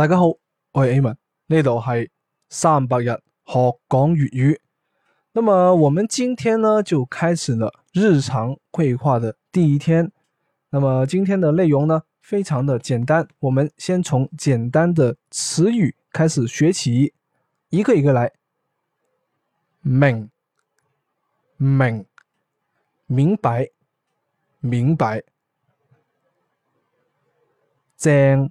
大家好，我係 A 文，呢度係三百日學講粵語。那麼我們今天呢就開始了日常會話的第一天。那麼今天的內容呢非常的簡單，我們先從簡單的詞語開始學起，一個一個來。明、明、明白、明白。正。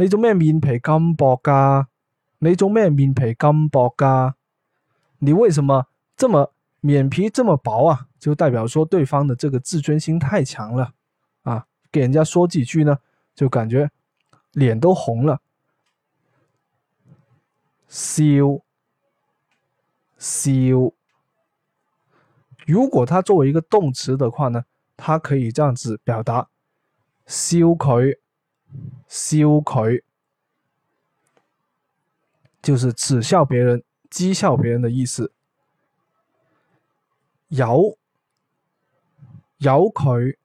你做咩面皮咁薄噶？你做咩面皮咁薄噶？你為什麼這麼面皮這麼薄啊？就代表說對方的這個自尊心太強了，啊，給人家說幾句呢，就感覺臉都紅了。笑笑，如果他作為一個動詞的話呢，他可以這樣子表達，笑佢。笑佢，就是恥笑別人、譏笑別人的意思。由由佢，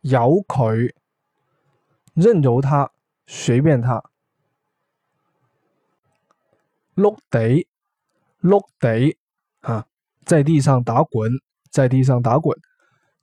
由佢，任由他，隨便他，碌地碌地啊，在地上打滾，在地上打滾。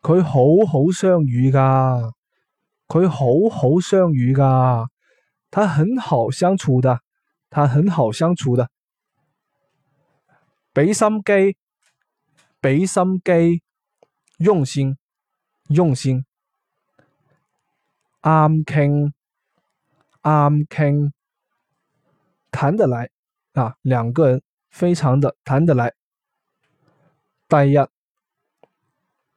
佢好好相處噶，佢好好相處噶，他很好相處的，他很好相處的，俾心機，俾心機，用心，用心，啱傾，啱傾，談得來啊，兩個人非常的談得來，第一。